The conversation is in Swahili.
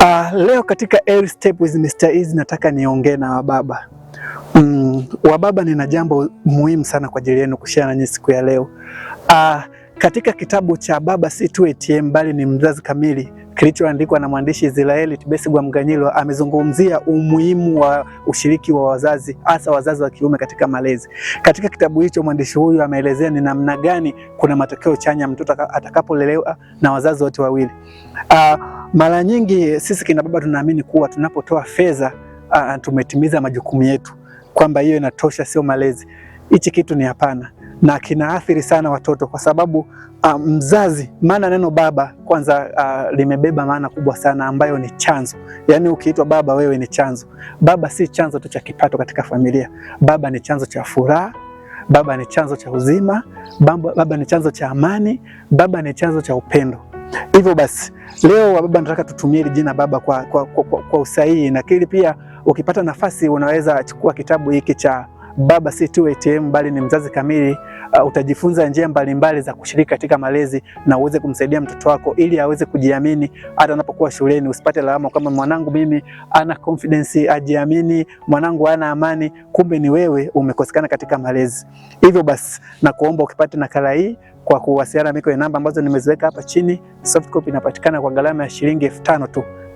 Uh, leo katika Every Step with Mr. Easy nataka niongee na wababa mm, wababa nina jambo muhimu sana kwa ajili yenu kushare na nyinyi siku ya leo. Uh, katika kitabu cha Baba si tu ATM bali ni mzazi kamili kilichoandikwa na mwandishi Israeli Tibessigwa Mganyilwa amezungumzia umuhimu wa ushiriki wa wazazi hasa wazazi wa kiume katika malezi. Katika kitabu hicho mwandishi huyu ameelezea ni namna gani kuna matokeo chanya mtoto atakapolelewa na wazazi wote wawili. Uh, mara nyingi sisi kina baba tunaamini kuwa tunapotoa fedha uh, tumetimiza majukumu yetu, kwamba hiyo inatosha, sio malezi. Hichi kitu ni hapana na kinaathiri sana watoto kwa sababu uh, mzazi, maana neno baba kwanza uh, limebeba maana kubwa sana ambayo ni chanzo. Yaani ukiitwa baba wewe ni chanzo. Baba si chanzo tu cha kipato katika familia, baba ni chanzo cha furaha, baba ni chanzo cha uzima, baba, baba ni chanzo cha amani, baba ni chanzo cha upendo. Hivyo basi leo wababa, nataka tutumie jina baba kwa, kwa, kwa, kwa usahihi, na kili pia ukipata nafasi unaweza chukua kitabu hiki cha baba si tu ATM bali ni mzazi kamili. Uh, utajifunza njia mbalimbali za kushiriki katika malezi na uweze kumsaidia mtoto wako ili aweze kujiamini hata anapokuwa shuleni. Usipate lawama kama mwanangu mimi ana confidence, ajiamini, mwanangu ana amani, kumbe ni wewe umekosekana katika malezi. Hivyo basi nakuomba ukipate nakala hii kwa kuwasiliana miko ya namba ambazo nimeziweka hapa chini. Soft copy inapatikana kwa gharama ya shilingi elfu tano tu.